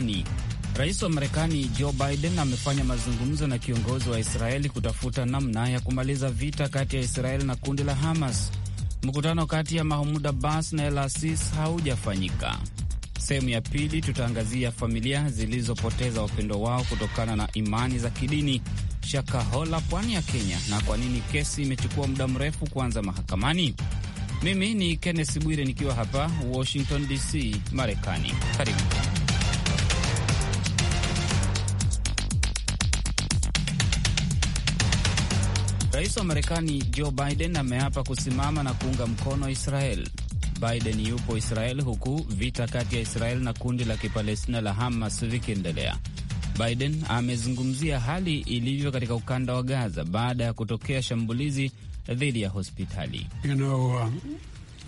Marekani. Rais wa Marekani Joe Biden amefanya mazungumzo na kiongozi wa Israeli kutafuta namna ya kumaliza vita kati ya Israeli na kundi la Hamas. Mkutano kati ya Mahmud Abbas na El Asis haujafanyika. Sehemu ya pili tutaangazia familia zilizopoteza wapendo wao kutokana na imani za kidini Shakahola, pwani ya Kenya, na kwa nini kesi imechukua muda mrefu kuanza mahakamani. Mimi ni Kenneth Bwire nikiwa hapa Washington DC, Marekani. Karibu. Rais wa Marekani Joe Biden ameapa kusimama na kuunga mkono Israel. Biden yupo Israel huku vita kati ya Israel na kundi la kipalestina la Hamas vikiendelea. Biden amezungumzia hali ilivyo katika ukanda wa Gaza baada ya kutokea shambulizi dhidi ya hospitali. you know, uh,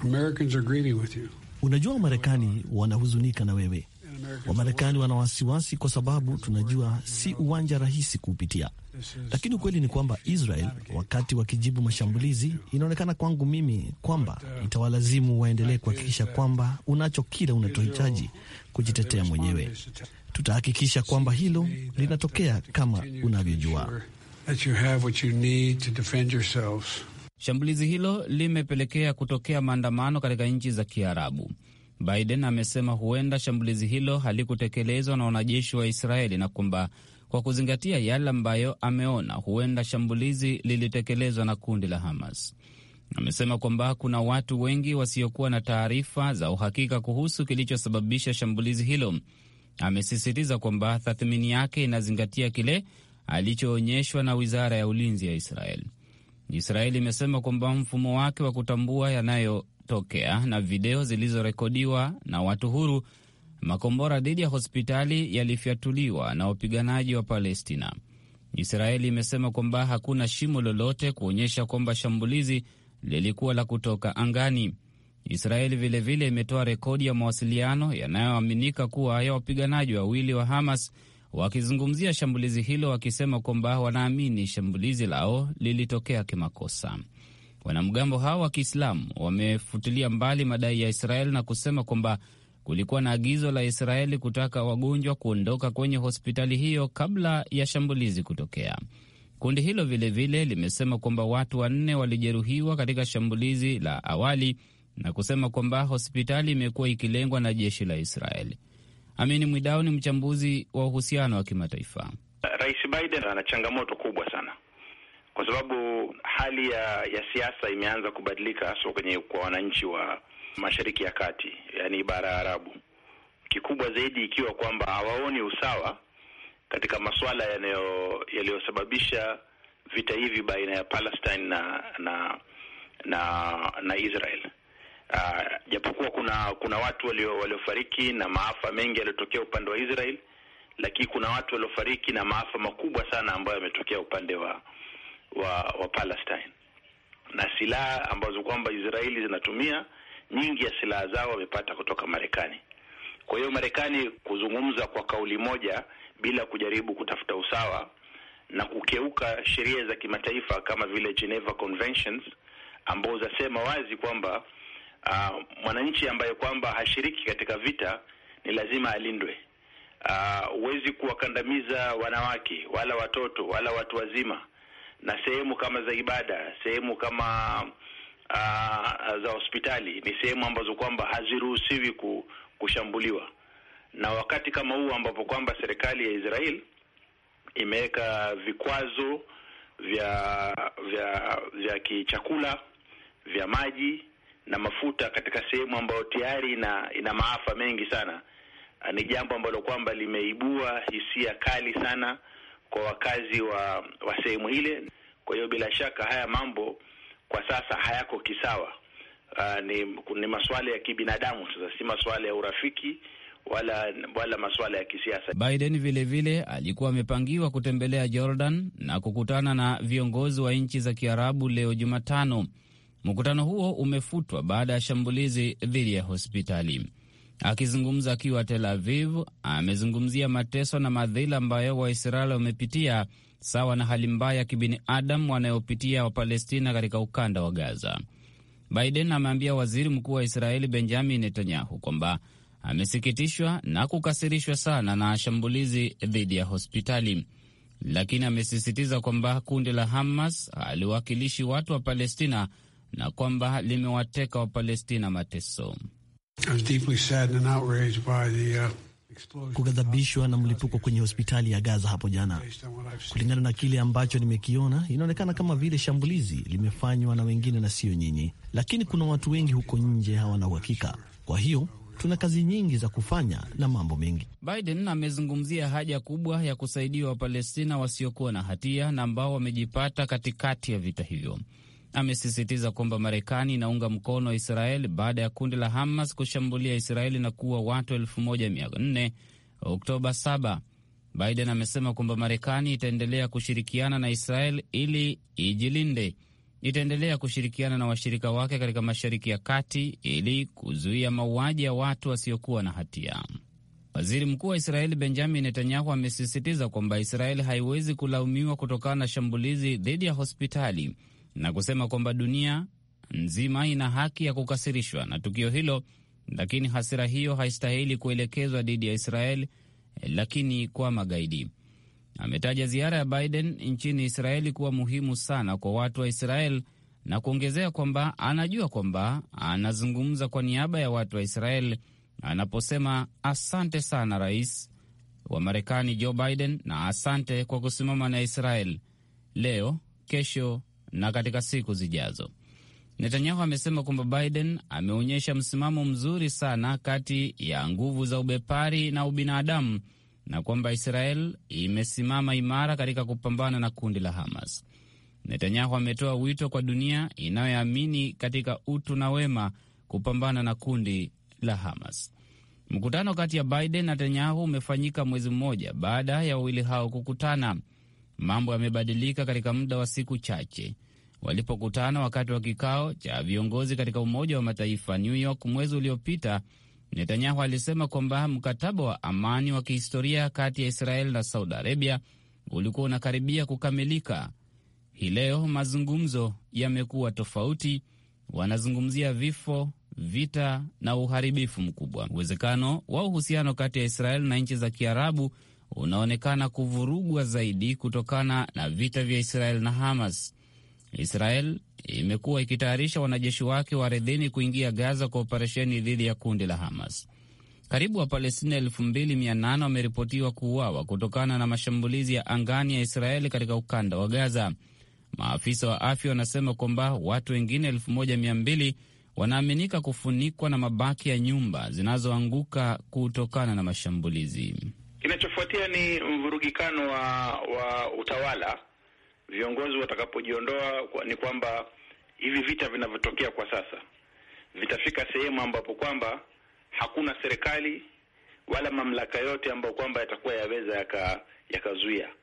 Americans are grieving with you. Unajua Wamarekani wanahuzunika na wewe Wamarekani wana wasiwasi kwa sababu tunajua si uwanja rahisi kuupitia, lakini ukweli ni kwamba Israel wakati wakijibu mashambulizi, inaonekana kwangu mimi kwamba itawalazimu waendelee kuhakikisha kwamba unacho kila unachohitaji kujitetea mwenyewe. Tutahakikisha kwamba hilo linatokea kama unavyojua. Shambulizi hilo limepelekea kutokea maandamano katika nchi za Kiarabu. Biden amesema huenda shambulizi hilo halikutekelezwa na wanajeshi wa Israeli na kwamba kwa kuzingatia yale ambayo ameona, huenda shambulizi lilitekelezwa na kundi la Hamas. Amesema kwamba kuna watu wengi wasiokuwa na taarifa za uhakika kuhusu kilichosababisha shambulizi hilo. Amesisitiza kwamba tathmini yake inazingatia kile alichoonyeshwa na wizara ya ulinzi ya Israel. Israeli imesema kwamba mfumo wake wa kutambua yanayo kutokea na video zilizorekodiwa na watu huru, makombora dhidi ya hospitali yalifyatuliwa na wapiganaji wa Palestina. Israeli imesema kwamba hakuna shimo lolote kuonyesha kwamba shambulizi lilikuwa la kutoka angani. Israeli vilevile imetoa rekodi ya mawasiliano yanayoaminika kuwa ya wapiganaji wawili wa Hamas wakizungumzia shambulizi hilo, wakisema kwamba wanaamini shambulizi lao lilitokea kimakosa. Wanamgambo hao wa Kiislamu wamefutilia mbali madai ya Israeli na kusema kwamba kulikuwa na agizo la Israeli kutaka wagonjwa kuondoka kwenye hospitali hiyo kabla ya shambulizi kutokea. Kundi hilo vilevile vile limesema kwamba watu wanne walijeruhiwa katika shambulizi la awali na kusema kwamba hospitali imekuwa ikilengwa na jeshi la Israeli. Amini Mwidau ni mchambuzi wa uhusiano wa kimataifa. Rais Biden ana changamoto kubwa kwa sababu hali ya, ya siasa imeanza kubadilika haswa kwenye kwa wananchi wa Mashariki ya Kati, yaani bara ya Arabu, kikubwa zaidi ikiwa kwamba hawaoni usawa katika masuala yaliyosababisha vita hivi baina ya Palestine na na na, na Israel. Uh, japokuwa kuna kuna watu waliofariki na maafa mengi yaliyotokea upande wa Israel, lakini kuna watu waliofariki na maafa makubwa sana ambayo yametokea upande wa wa wa Palestine, na silaha ambazo kwamba Israeli zinatumia nyingi ya silaha zao wamepata kutoka Marekani. Kwa hiyo Marekani kuzungumza kwa kauli moja bila kujaribu kutafuta usawa na kukeuka sheria za kimataifa kama vile Geneva Conventions ambazo zasema wazi kwamba uh, mwananchi ambaye kwamba hashiriki katika vita ni lazima alindwe. Ah, huwezi uh, kuwakandamiza wanawake wala watoto wala watu wazima na sehemu kama za ibada, sehemu kama uh, za hospitali ni sehemu ambazo kwamba haziruhusiwi kushambuliwa, na wakati kama huu ambapo kwamba serikali ya Israel imeweka vikwazo vya vya vya kichakula, vya maji na mafuta katika sehemu ambayo tayari ina, ina maafa mengi sana, ni jambo ambalo kwamba limeibua hisia kali sana kwa wakazi wa, wa sehemu ile. Kwa hiyo bila shaka haya mambo kwa sasa hayako kisawa. Uh, ni, ni masuala ya kibinadamu sasa, si masuala ya urafiki wala wala masuala ya kisiasa. Biden vile vile alikuwa amepangiwa kutembelea Jordan na kukutana na viongozi wa nchi za Kiarabu leo Jumatano. Mkutano huo umefutwa baada ya shambulizi dhidi ya hospitali. Akizungumza akiwa Tel Aviv, amezungumzia mateso na madhila ambayo Waisraeli wamepitia sawa na hali mbaya ya kibinadamu wanayopitia Wapalestina katika ukanda wa Gaza. Biden ameambia waziri mkuu wa Israeli Benjamin Netanyahu kwamba amesikitishwa na kukasirishwa sana na shambulizi dhidi ya hospitali, lakini amesisitiza kwamba kundi la Hamas haliwakilishi watu wa Palestina na kwamba limewateka Wapalestina mateso uh, kughadhabishwa na mlipuko kwenye hospitali ya Gaza hapo jana. Kulingana na kile ambacho nimekiona, inaonekana kama vile shambulizi limefanywa na wengine na sio nyinyi, lakini kuna watu wengi huko nje hawana uhakika, kwa hiyo tuna kazi nyingi za kufanya na mambo mengi. Biden amezungumzia haja kubwa ya kusaidia Wapalestina wasiokuwa na hatia na ambao wamejipata katikati ya vita hivyo amesisitiza kwamba Marekani inaunga mkono Israel baada ya kundi la Hamas kushambulia Israeli na kuua watu 1400 Oktoba 7. Biden amesema kwamba Marekani itaendelea kushirikiana na Israel ili ijilinde, itaendelea kushirikiana na washirika wake katika Mashariki ya Kati ili kuzuia mauaji ya watu wasiokuwa na hatia. Waziri mkuu wa Israeli Benjamin Netanyahu amesisitiza kwamba Israeli haiwezi kulaumiwa kutokana na shambulizi dhidi ya hospitali na kusema kwamba dunia nzima ina haki ya kukasirishwa na tukio hilo, lakini hasira hiyo haistahili kuelekezwa dhidi ya israel lakini kwa magaidi. Ametaja ziara ya Biden nchini Israeli kuwa muhimu sana kwa watu wa israel na kuongezea kwamba anajua kwamba anazungumza kwa niaba ya watu wa israel anaposema asante sana rais wa Marekani Joe Biden na asante kwa kusimama na israel leo, kesho na katika siku zijazo. Netanyahu amesema kwamba Biden ameonyesha msimamo mzuri sana kati ya nguvu za ubepari na ubinadamu na kwamba Israel imesimama imara katika kupambana na kundi la Hamas. Netanyahu ametoa wito kwa dunia inayoamini katika utu na wema kupambana na kundi la Hamas. Mkutano kati ya Biden na Netanyahu umefanyika mwezi mmoja baada ya wawili hao kukutana mambo yamebadilika katika muda wa siku chache walipokutana wakati wa kikao cha viongozi katika Umoja wa Mataifa New York mwezi uliopita. Netanyahu alisema kwamba mkataba wa amani wa kihistoria kati ya Israeli na Saudi Arabia ulikuwa unakaribia kukamilika. Hii leo mazungumzo yamekuwa tofauti, wanazungumzia vifo, vita na uharibifu mkubwa. Uwezekano wa uhusiano kati ya Israeli na nchi za Kiarabu unaonekana kuvurugwa zaidi kutokana na vita vya Israel na Hamas. Israel imekuwa ikitayarisha wanajeshi wake wa ardhini kuingia Gaza kwa operesheni dhidi ya kundi la Hamas. Karibu Wapalestina 28 wameripotiwa kuuawa kutokana na mashambulizi ya angani ya Israeli katika ukanda wa Gaza. Maafisa wa afya wanasema kwamba watu wengine elfu wanaaminika kufunikwa na mabaki ya nyumba zinazoanguka kutokana na mashambulizi. Kinachofuatia ni mvurugikano wa, wa utawala. Viongozi watakapojiondoa kwa, ni kwamba hivi vita vinavyotokea kwa sasa vitafika sehemu ambapo kwamba hakuna serikali wala mamlaka yote ambayo kwamba yatakuwa yaweza yakazuia yaka,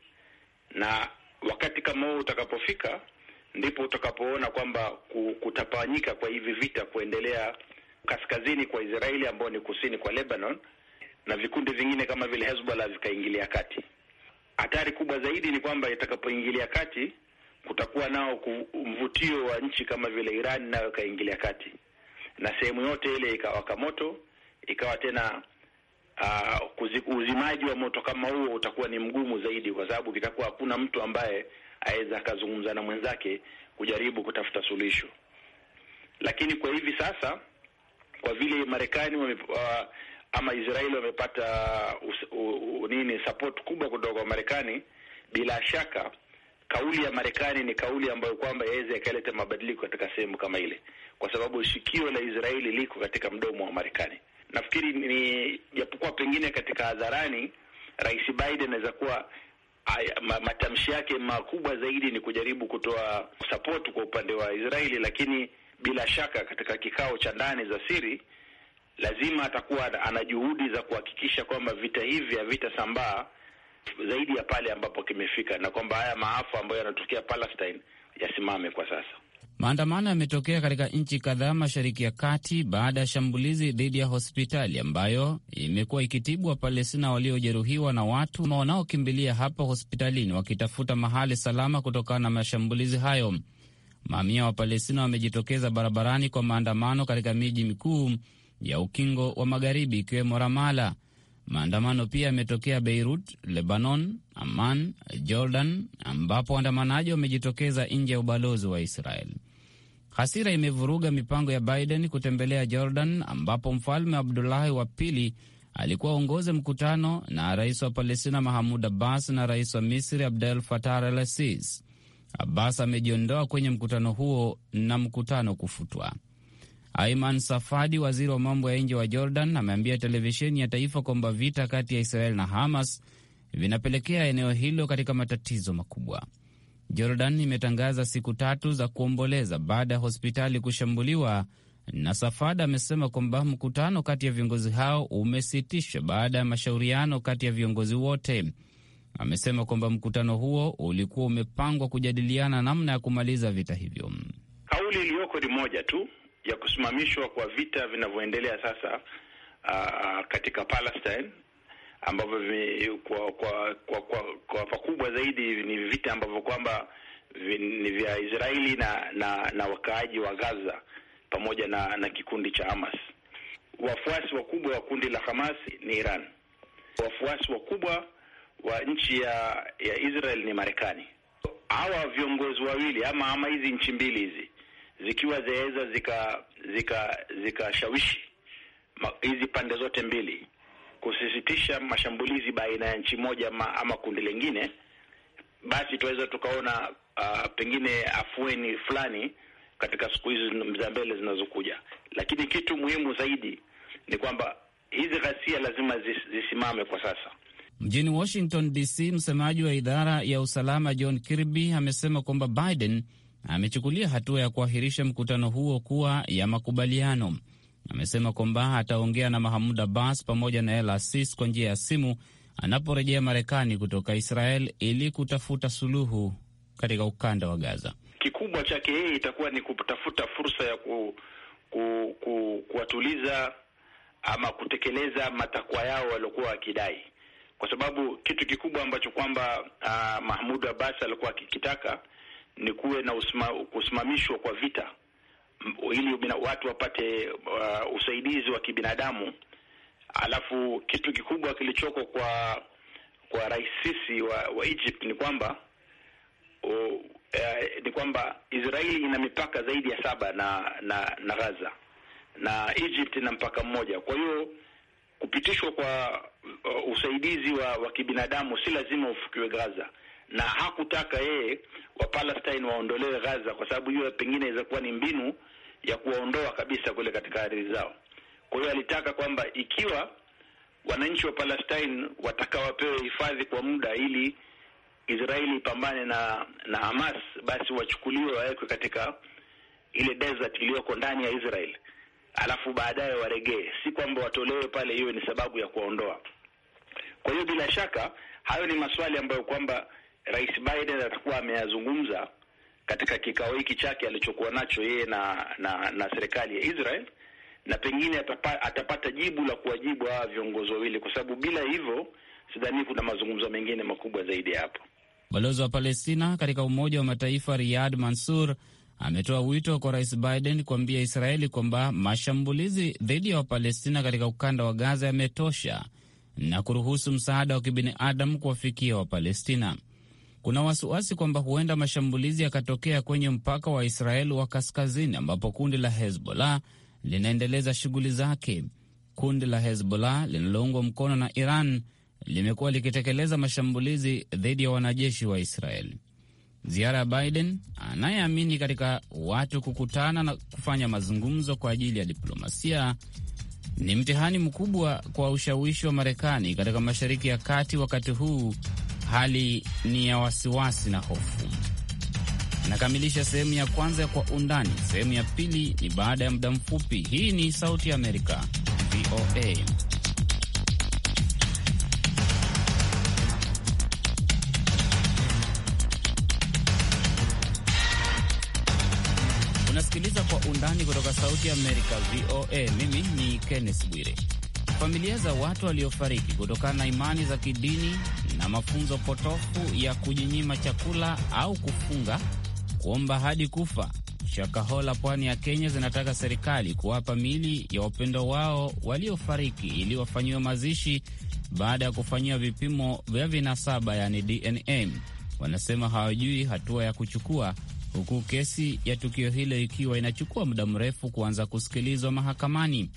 na wakati kama huo utakapofika, ndipo utakapoona kwamba kutapanyika kwa hivi vita kuendelea kaskazini kwa Israeli ambao ni kusini kwa Lebanon na vikundi vingine kama vile Hezbollah vikaingilia kati. Hatari kubwa zaidi ni kwamba itakapoingilia kati, kutakuwa nao mvutio wa nchi kama vile Iran nayo ikaingilia kati, na sehemu yote ile ikawaka moto, ikawa tena uh, uzimaji wa moto kama huo utakuwa ni mgumu zaidi, kwa sababu kitakuwa hakuna mtu ambaye aweza akazungumza na mwenzake kujaribu kutafuta suluhisho. Lakini kwa hivi sasa, kwa vile Marekani wame, uh, ama Israeli wamepata nini support kubwa kutoka kwa Marekani, bila shaka kauli ya Marekani ni kauli ambayo kwamba yaweza yakaleta mabadiliko katika sehemu kama ile, kwa sababu shikio la Israeli liko katika mdomo wa Marekani. Nafikiri ni japokuwa pengine katika hadharani Rais Biden anaweza kuwa matamshi yake makubwa zaidi ni kujaribu kutoa support kwa upande wa Israeli, lakini bila shaka katika kikao cha ndani za siri lazima atakuwa ana juhudi za kuhakikisha kwamba vita hivi havitasambaa zaidi ya pale ambapo kimefika, na kwamba haya maafa ambayo yanatokea Palestine yasimame kwa sasa. Maandamano yametokea katika nchi kadhaa Mashariki ya Kati baada ya shambulizi dhidi ya hospitali ambayo imekuwa ikitibu Wapalestina waliojeruhiwa na watu wanaokimbilia hapa hospitalini wakitafuta mahali salama kutokana na mashambulizi hayo. Mamia wa Palestina wamejitokeza barabarani kwa maandamano katika miji mikuu ya ukingo wa magharibi ikiwemo Ramala. Maandamano pia yametokea Beirut, Lebanon, Amman, Jordan, ambapo waandamanaji wamejitokeza nje ya ubalozi wa Israel. Hasira imevuruga mipango ya Biden kutembelea Jordan, ambapo mfalme Abdulahi wa pili alikuwa aongoze mkutano na rais wa Palestina Mahamud Abbas na rais wa Misri Abdel fatar Al Sisi. Abbas amejiondoa kwenye mkutano huo na mkutano kufutwa. Aiman Safadi, waziri wa mambo ya nje wa Jordan, ameambia televisheni ya taifa kwamba vita kati ya Israel na Hamas vinapelekea eneo hilo katika matatizo makubwa. Jordan imetangaza siku tatu za kuomboleza baada ya hospitali kushambuliwa, na Safadi amesema kwamba mkutano kati ya viongozi hao umesitishwa baada ya mashauriano kati ya viongozi wote. Amesema kwamba mkutano huo ulikuwa umepangwa kujadiliana namna ya kumaliza vita hivyo. Kauli iliyoko ni moja tu ya kusimamishwa kwa vita vinavyoendelea sasa uh, uh katika Palestine ambavyo kwa kwa kwa kwa, kwa pakubwa zaidi ni vita ambavyo kwamba ni vya Israeli na na, na wakaaji wa Gaza pamoja na na kikundi cha Hamas. Wafuasi wakubwa wa kundi la Hamas ni Iran. Wafuasi wakubwa wa nchi ya ya Israel ni Marekani. Hawa viongozi wawili ama ama hizi nchi mbili hizi zikiwa zaweza zikashawishi zika, zika hizi pande zote mbili kusisitisha mashambulizi baina ya nchi moja ma, ama kundi lingine, basi tunaweza tukaona uh, pengine afueni fulani katika siku hizi za mbele zinazokuja. Lakini kitu muhimu zaidi ni kwamba hizi ghasia lazima zis, zisimame kwa sasa. Mjini Washington DC, msemaji wa idara ya usalama John Kirby amesema kwamba Biden amechukulia hatua ya kuahirisha mkutano huo kuwa ya makubaliano. Amesema kwamba ataongea na Mahamud Abbas pamoja na El Asis kwa njia ya simu anaporejea Marekani kutoka Israel ili kutafuta suluhu katika ukanda wa Gaza. Kikubwa chake yeye itakuwa ni kutafuta fursa ya ku, ku, ku, kuwatuliza ama kutekeleza matakwa yao waliokuwa wakidai, kwa sababu kitu kikubwa ambacho kwamba ah, Mahmud Abbas alikuwa akikitaka ni kuwe na usma, kusimamishwa kwa vita ili watu wapate uh, usaidizi wa kibinadamu. Alafu kitu kikubwa kilichoko kwa kwa rais Sisi wa, wa Egypt ni kwamba uh, ni kwamba Israeli ina mipaka zaidi ya saba na na, na Gaza na Egypt ina mpaka mmoja. Kwa hiyo kupitishwa kwa uh, usaidizi wa, wa kibinadamu si lazima ufikiwe Gaza na hakutaka yeye Palestine waondolewe Gaza, kwa sababu hiyo pengine inaweza kuwa ni mbinu ya kuwaondoa kabisa kule katika ardhi zao. Kwa hiyo alitaka kwamba ikiwa wananchi wa Palestine wataka wapewe hifadhi kwa muda ili Israeli ipambane na na Hamas, basi wachukuliwe wawekwe katika ile desert iliyoko ndani ya Israel, alafu baadaye waregee, si kwamba watolewe pale hiyo ni sababu ya kuwaondoa. Kwa hiyo bila shaka hayo ni maswali ambayo kwamba Rais Biden atakuwa ameyazungumza katika kikao hiki chake alichokuwa nacho yeye na, na na serikali ya Israel, na pengine atapa, atapata jibu la kuwajibu hawa viongozi wawili, kwa sababu bila hivyo sidhani kuna mazungumzo mengine makubwa zaidi ya hapo. Balozi wa Palestina katika Umoja wa Mataifa Riyad Mansur ametoa wito kwa Rais Biden kuambia Israeli kwamba mashambulizi dhidi ya Wapalestina katika ukanda wa Gaza yametosha na kuruhusu msaada wa kibinadamu kuwafikia Wapalestina. Kuna wasiwasi kwamba huenda mashambulizi yakatokea kwenye mpaka wa israel wa kaskazini ambapo kundi la Hezbollah linaendeleza shughuli zake. Kundi la Hezbollah linaloungwa mkono na Iran limekuwa likitekeleza mashambulizi dhidi ya wanajeshi wa israel Ziara ya Biden anayeamini katika watu kukutana na kufanya mazungumzo kwa ajili ya diplomasia ni mtihani mkubwa kwa ushawishi wa Marekani katika Mashariki ya Kati wakati huu Hali ni ya wasiwasi na hofu. Nakamilisha sehemu ya kwanza ya Kwa Undani. Sehemu ya pili ni baada ya muda mfupi. Hii ni Sauti ya Amerika, VOA. Unasikiliza Kwa Undani kutoka Sauti ya Amerika, VOA. Mimi ni Kenneth Bwire. Familia za watu waliofariki kutokana na imani za kidini na mafunzo potofu ya kujinyima chakula au kufunga, kuomba hadi kufa, Shakahola, pwani ya Kenya, zinataka serikali kuwapa miili ya wapendo wao waliofariki ili wafanyiwe mazishi baada ya kufanyiwa vipimo vya vinasaba, yani DNA. Wanasema hawajui hatua ya kuchukua, huku kesi ya tukio hilo ikiwa inachukua muda mrefu kuanza kusikilizwa mahakamani.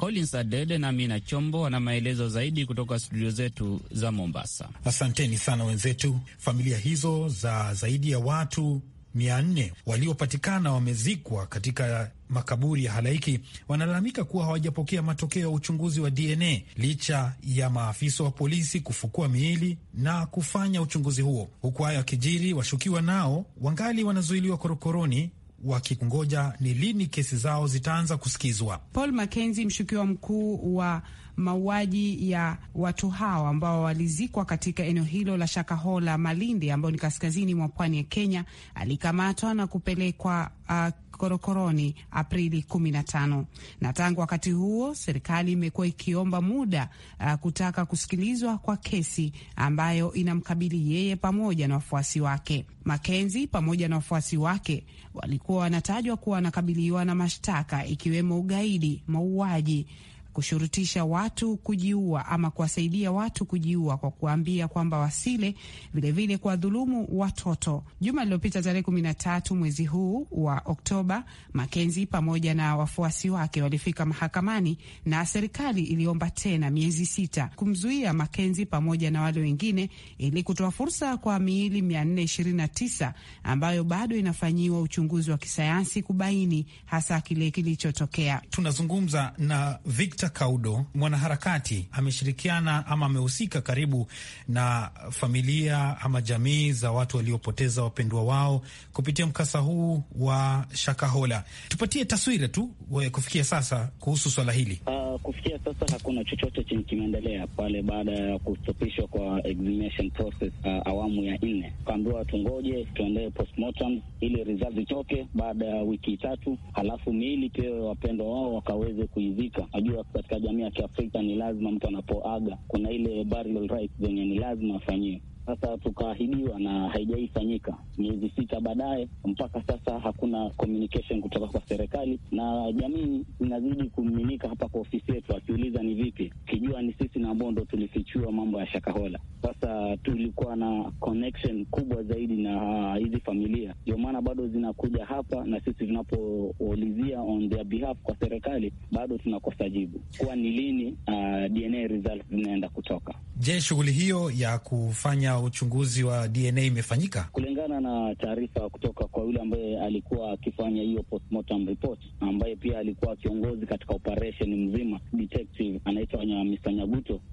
Collins Adede na Mina Chombo wana maelezo zaidi kutoka studio zetu za Mombasa. Asanteni sana wenzetu. Familia hizo za zaidi ya watu mia nne waliopatikana wamezikwa katika makaburi ya halaiki wanalalamika kuwa hawajapokea matokeo ya uchunguzi wa DNA licha ya maafisa wa polisi kufukua miili na kufanya uchunguzi huo. Huku hayo akijiri, washukiwa nao wangali wanazuiliwa korokoroni wakingoja ni lini kesi zao zitaanza kusikizwa. Paul Mackenzie, mshukiwa mkuu wa mauaji ya watu hao ambao walizikwa katika eneo hilo la Shakahola Malindi, ambayo ni kaskazini mwa pwani ya Kenya, alikamatwa na kupelekwa uh, korokoroni Aprili 15 na tangu wakati huo serikali imekuwa ikiomba muda uh, kutaka kusikilizwa kwa kesi ambayo inamkabili yeye pamoja na wafuasi wake. Makenzi pamoja na wafuasi wake walikuwa wanatajwa kuwa wanakabiliwa na mashtaka ikiwemo ugaidi, mauaji kushurutisha watu kujiua ama kuwasaidia watu kujiua kwa kuambia kwamba wasile, vilevile kuwadhulumu watoto. Juma lililopita tarehe kumi na tatu mwezi huu wa Oktoba, Makenzi pamoja na wafuasi wake walifika mahakamani na serikali iliomba tena miezi sita kumzuia Makenzi pamoja na wale wengine ili kutoa fursa kwa miili 429 ambayo bado inafanyiwa uchunguzi wa kisayansi kubaini hasa kile kilichotokea. Tunazungumza na Victor Victor Kaudo, mwanaharakati, ameshirikiana ama amehusika karibu na familia ama jamii za watu waliopoteza wapendwa wao kupitia mkasa huu wa Shakahola. Tupatie taswira tu kufikia sasa kuhusu swala hili. Uh, kufikia sasa hakuna chochote chenye kimeendelea pale baada ya kustopishwa kwa exhumation process, uh, awamu ya nne, kaambiwa tungoje tuendee postmortem ili results itoke baada ya wiki tatu, halafu miili pewe wapendwa wao wakaweze kuizika. Najua katika jamii ya Kiafrika ni lazima mtu anapoaga, kuna ile burial rites zenye ni lazima afanyiwe. Sasa tukaahidiwa na haijaifanyika. Miezi sita baadaye, mpaka sasa hakuna communication kutoka kwa serikali, na jamii inazidi kumiminika hapa kwa ofisi yetu, akiuliza ni vipi, kijua ni sisi na ambao ndo tulifichua mambo ya Shakahola. Sasa tulikuwa na connection kubwa zaidi na hizi familia, ndio maana bado zinakuja hapa, na sisi tunapoulizia on their behalf kwa serikali bado tunakosa jibu kuwa ni lini uh, ah, DNA results zinaenda kutoka. Je, shughuli hiyo ya kufanya uchunguzi wa DNA imefanyika kulingana na taarifa kutoka kwa yule ambaye alikuwa akifanya hiyo postmortem report, ambaye pia alikuwa kiongozi katika operation mzima, detective anaitwa Mr.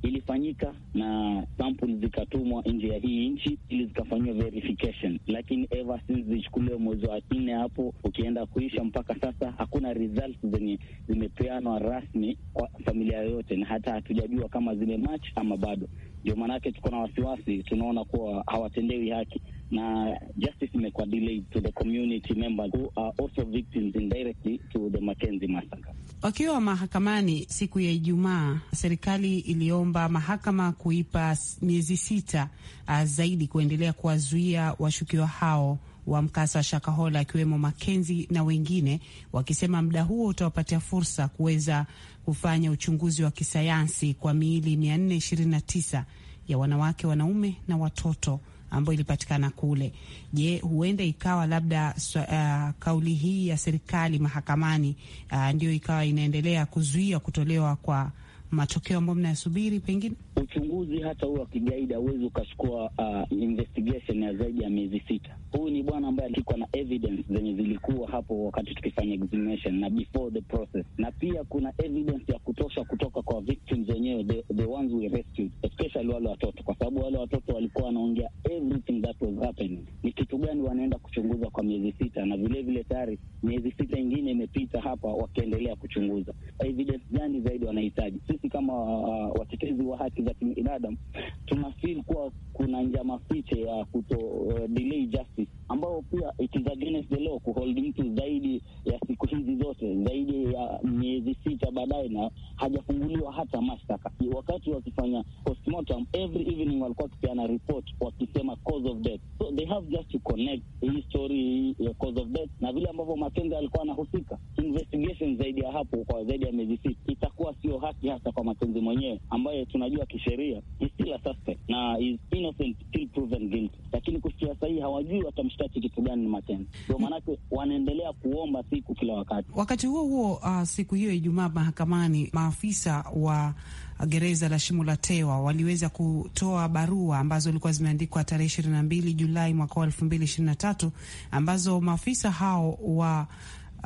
Ilifanyika na sample zikatumwa nje ya hii nchi ili zikafanyiwa verification, lakini ever since zichukuliwe mwezi wa nne hapo ukienda kuisha mpaka sasa hakuna results zenye zimepeanwa rasmi kwa familia yoyote, na hata hatujajua kama zime match ama bado. Ndio maanake tuko na wasiwasi, tunaona kuwa hawatendewi haki na justice imekuwa delayed to the community members who are also victims indirectly to the Mackenzie massacre. Wakiwa mahakamani siku ya Ijumaa, serikali iliomba mahakama kuipa miezi sita uh, zaidi kuendelea kuwazuia washukiwa hao wa mkasa wa Shakahola akiwemo Makenzi na wengine, wakisema muda huo utawapatia fursa kuweza kufanya uchunguzi wa kisayansi kwa miili 429 ya wanawake, wanaume na watoto ambayo ilipatikana kule. Je, huenda ikawa labda uh, kauli hii ya serikali mahakamani uh, ndio ikawa inaendelea kuzuia kutolewa kwa matokeo ambayo mnayasubiri? Pengine uchunguzi hata huo wa kigaidi hauwezi ukachukua uh, investigation ya zaidi ya miezi sita huyu ni bwana ambaye alikuwa na evidence zenye zilikuwa hapo wakati tukifanya examination na before the process, na pia kuna evidence ya kutosha kutoka kwa victims wenyewe, the, the ones we rescued, especially wale watoto, kwa sababu wale watoto walikuwa wanaongea everything that was happening, ni kitu gani wanaenda kuchunguza kwa miezi sita, na vilevile tayari miezi sita ingine imepita hapa, wakiendelea kuchunguza evidence gani zaidi wanahitaji. Sisi kama uh, uh, watetezi wa haki za kibinadamu tunafeel kuwa kuna njama fiche ya kuto uh, delay justice ambao pia it is against the law kuhold mtu zaidi ya siku hizi zote zaidi ya miezi sita baadaye, na hajafunguliwa hata mashtaka. Wakati wakifanya postmortem every evening walikuwa wakipeana report wakisema cause of death, so they have just to connect hii story ya cause of death na vile ambavyo Makenga alikuwa anahusika. Investigation zaidi ya hapo kwa zaidi ya miezi sita itakuwa sio haki hata kwa Makenzi mwenyewe ambaye tunajua kisheria is still a suspect na is innocent till proven guilty, lakini kufikia sahii hawajui hawajui watamshtaki kitu gani Makena. Ndio maanake wanaendelea kuomba siku kila wakati. Wakati huo huo, uh, siku hiyo Ijumaa mahakamani, maafisa wa gereza la shimo la tewa waliweza kutoa barua ambazo zilikuwa zimeandikwa tarehe ishirini na mbili Julai mwaka wa elfu mbili ishirini na tatu ambazo maafisa hao wa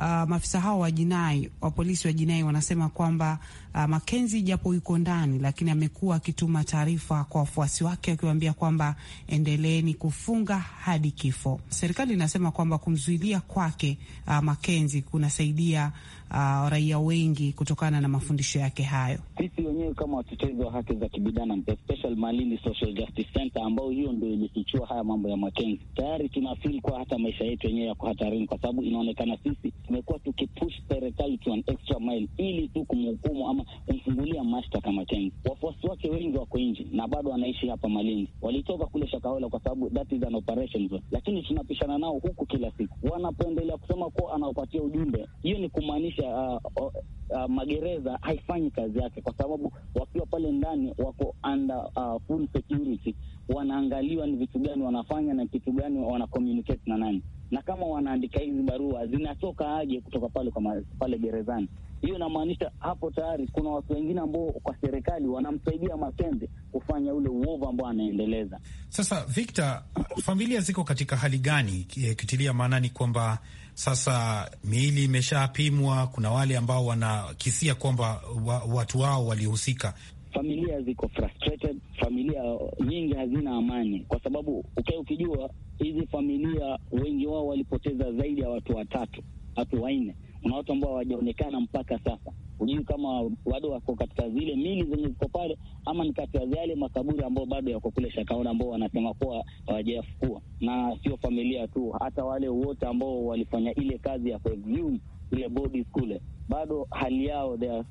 uh, maafisa hao wa jinai wa polisi wa jinai wanasema kwamba uh, ah, Makenzi japo yuko ndani, lakini amekuwa akituma taarifa kwa wafuasi wake akiwaambia kwamba endeleeni kufunga hadi kifo. Serikali inasema kwamba kumzuilia kwake uh, ah, Makenzi kunasaidia uh, raia wengi kutokana na mafundisho yake hayo. Sisi wenyewe kama watetezi wa haki za kibinadamu, especially Malindi Social Justice Center, hiyo ndio ilifichua haya mambo ya Makenzi, tayari tunafeel kuwa hata maisha yetu yenyewe yako hatarini, kwa sababu inaonekana sisi tumekuwa tukipush serikali to an extra mile ili tu kumhukumu ama kumfungulia mashtaka matenzi. Wafuasi wake wengi wako nje na bado wanaishi hapa Malindi, walitoka kule Shakahola kwa sababu that is an operation zone, lakini tunapishana nao huku kila siku, wanapoendelea kusema kuwa anaopatia ujumbe, hiyo ni kumaanisha uh, uh, magereza haifanyi kazi yake, kwa sababu wakiwa pale ndani wako under uh, full security, wanaangaliwa ni vitu gani wanafanya na kitu gani wana communicate na nani, na kama wanaandika hizi barua zinatoka aje kutoka pale kwa pale gerezani hiyo inamaanisha hapo tayari kuna watu wengine ambao kwa serikali wanamsaidia Makende kufanya ule uovu ambao anaendeleza sasa. Victor, familia ziko katika hali gani, kitilia maanani kwamba sasa miili imeshapimwa, kuna wale ambao wanakisia kwamba wa, watu wao walihusika. Familia ziko frustrated, familia nyingi hazina amani, kwa sababu ukae ukijua hizi familia wengi wao walipoteza zaidi ya watu watatu, watu wanne kuna watu ambao hawajaonekana mpaka sasa. Hujui kama bado wako katika zile mili zenye ziko pale, ama ni katika yale makaburi ambao bado yako kule Shakaona ambao wanasema kuwa hawajayafukua. Na sio familia tu, hata wale wote ambao walifanya ile kazi ya kuexhume ile bodi kule bado hali yao uh,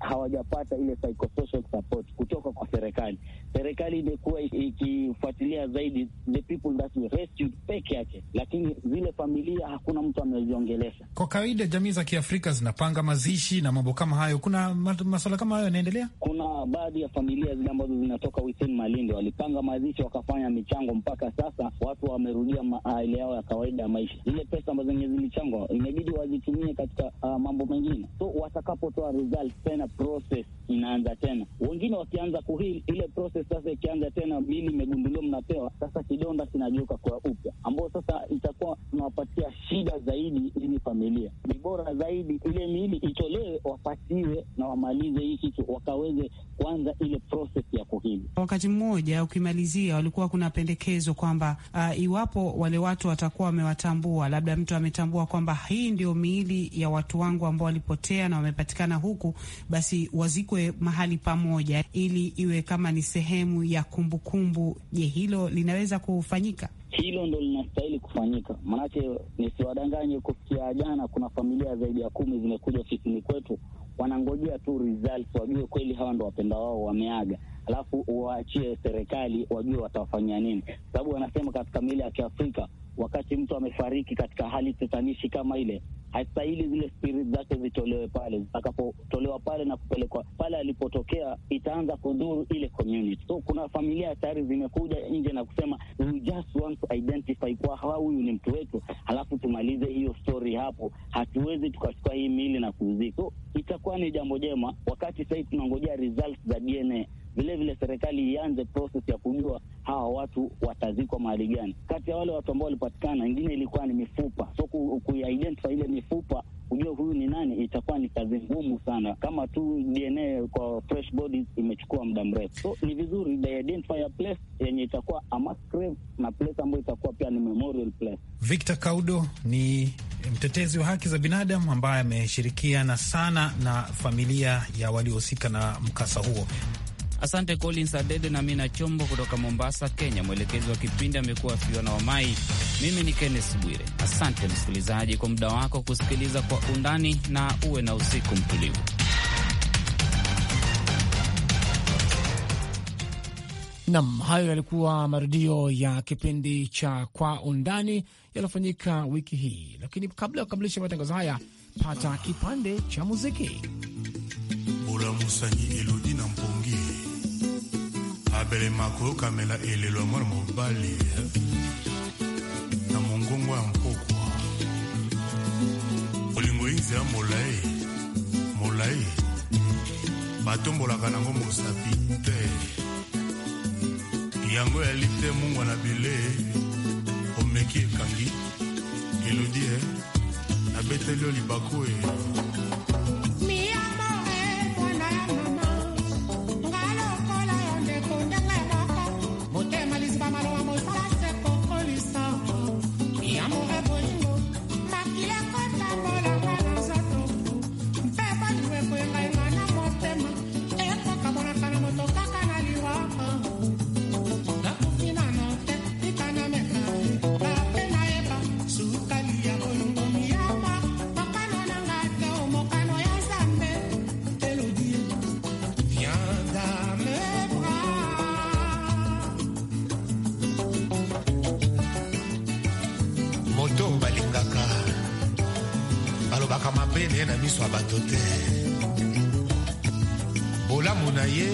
hawajapata ile psychosocial support kutoka kwa serikali. Serikali imekuwa ikifuatilia zaidi the people that rescued peke yake, lakini zile familia hakuna mtu ameziongelesha. Kwa kawaida jamii za Kiafrika zinapanga mazishi na mambo kama hayo, kuna masuala kama hayo yanaendelea. Kuna baadhi ya familia zile ambazo zinatoka Hussein Malinde walipanga mazishi wakafanya michango, mpaka sasa watu wamerudia hali yao ya kawaida ya maisha. Zile pesa ambazo zenye zilichangwa imebidi wazitumie katika uh, mambo mengine tena. So watakapotoa result tena, process inaanza tena, wengine wakianza kuhili ile process sasa ikianza tena, mili imegunduliwa, mnapewa sasa, kidonda kinajuka kwa upya, ambao sasa itakuwa tunawapatia shida zaidi Ili familia. Ni bora zaidi ile miili itolewe, wapatiwe na wamalize hii kitu, wakaweze kuanza ile process ya kuhili. Wakati mmoja ukimalizia, walikuwa kuna pendekezo kwamba uh, iwapo wale watu watakuwa wamewatambua, labda mtu ametambua kwamba hii ndio miili ya watu wangu ambao wali walipotea na wamepatikana huku, basi wazikwe mahali pamoja, ili iwe kama ni sehemu ya kumbukumbu. Je, hilo linaweza kufanyika? Hilo ndo linastahili kufanyika, maanake nisiwadanganye, kufikia jana kuna familia zaidi ya kumi zimekuja ofisini kwetu, wanangojea tu results, wajue kweli hawa ndo wapenda wao wameaga, alafu waachie serikali wajue watawafanyia nini, sababu wanasema katika mila ya Kiafrika wakati mtu amefariki katika hali tetanishi kama ile, hastahili zile spirit zake zitolewe pale. Zitakapotolewa pale na kupelekwa pale alipotokea, itaanza kudhuru ile community. So kuna familia tayari zimekuja nje na kusema we just want to identify kwa hawa, huyu ni mtu wetu, halafu tumalize hiyo story hapo. Hatuwezi tukachukua hii mili na kuuzika. So itakuwa ni jambo jema, wakati sahii tunangojea results za DNA. Vilevile serikali ianze proses ya kujua hawa watu watazikwa mahali gani. Kati ya wale watu ambao walipatikana, ingine ilikuwa ni mifupa, so kuidentify ile mifupa ujue huyu ni nani, itakuwa ni kazi ngumu sana, kama tu DNA kwa fresh bodies imechukua muda mrefu. So ni vizuri they identify a place yenye itakuwa a mass grave na place ambayo itakuwa pia ni memorial place. Victor Kaudo ni mtetezi wa haki za binadamu ambaye ameshirikiana sana na familia ya waliohusika na mkasa huo. Asante Collins Adede na Mina Chombo kutoka Mombasa, Kenya. Mwelekezi wa kipindi amekuwa Fiona Wamai. Mimi ni Kenneth Bwire. Asante msikilizaji kwa muda wako kusikiliza Kwa Undani, na uwe na usiku mtulivu. Nam, hayo yalikuwa marudio ya kipindi cha Kwa Undani yaliyofanyika wiki hii, lakini kabla ya kukamilisha matangazo haya, pata kipande cha muziki Bora Elodi na mpongie apelemaka oyokamela elelo ya mwana mobali eh? na mongongo ya mpokwa olingo inzela molai molai batombolaka nango mosapi te yango yali te mungwa na bile omeki ekangi elodie eh? nabeteli yo libaku e miso ya bato te bolamu na ye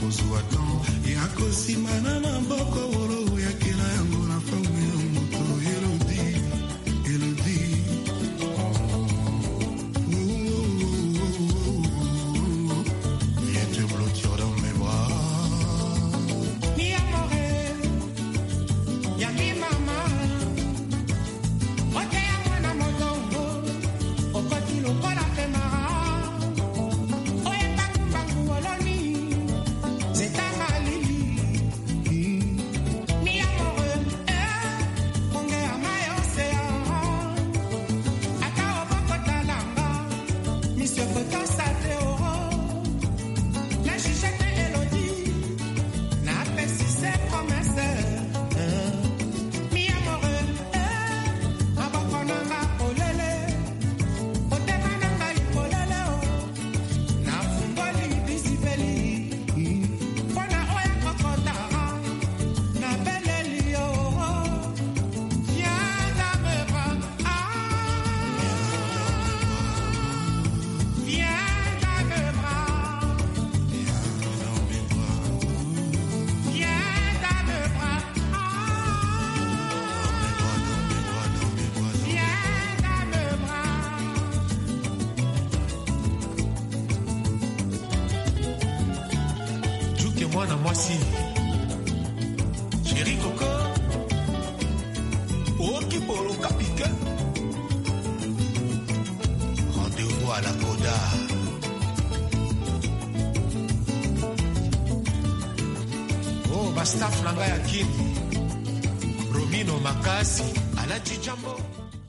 kozwa tan ya kosimana na mboko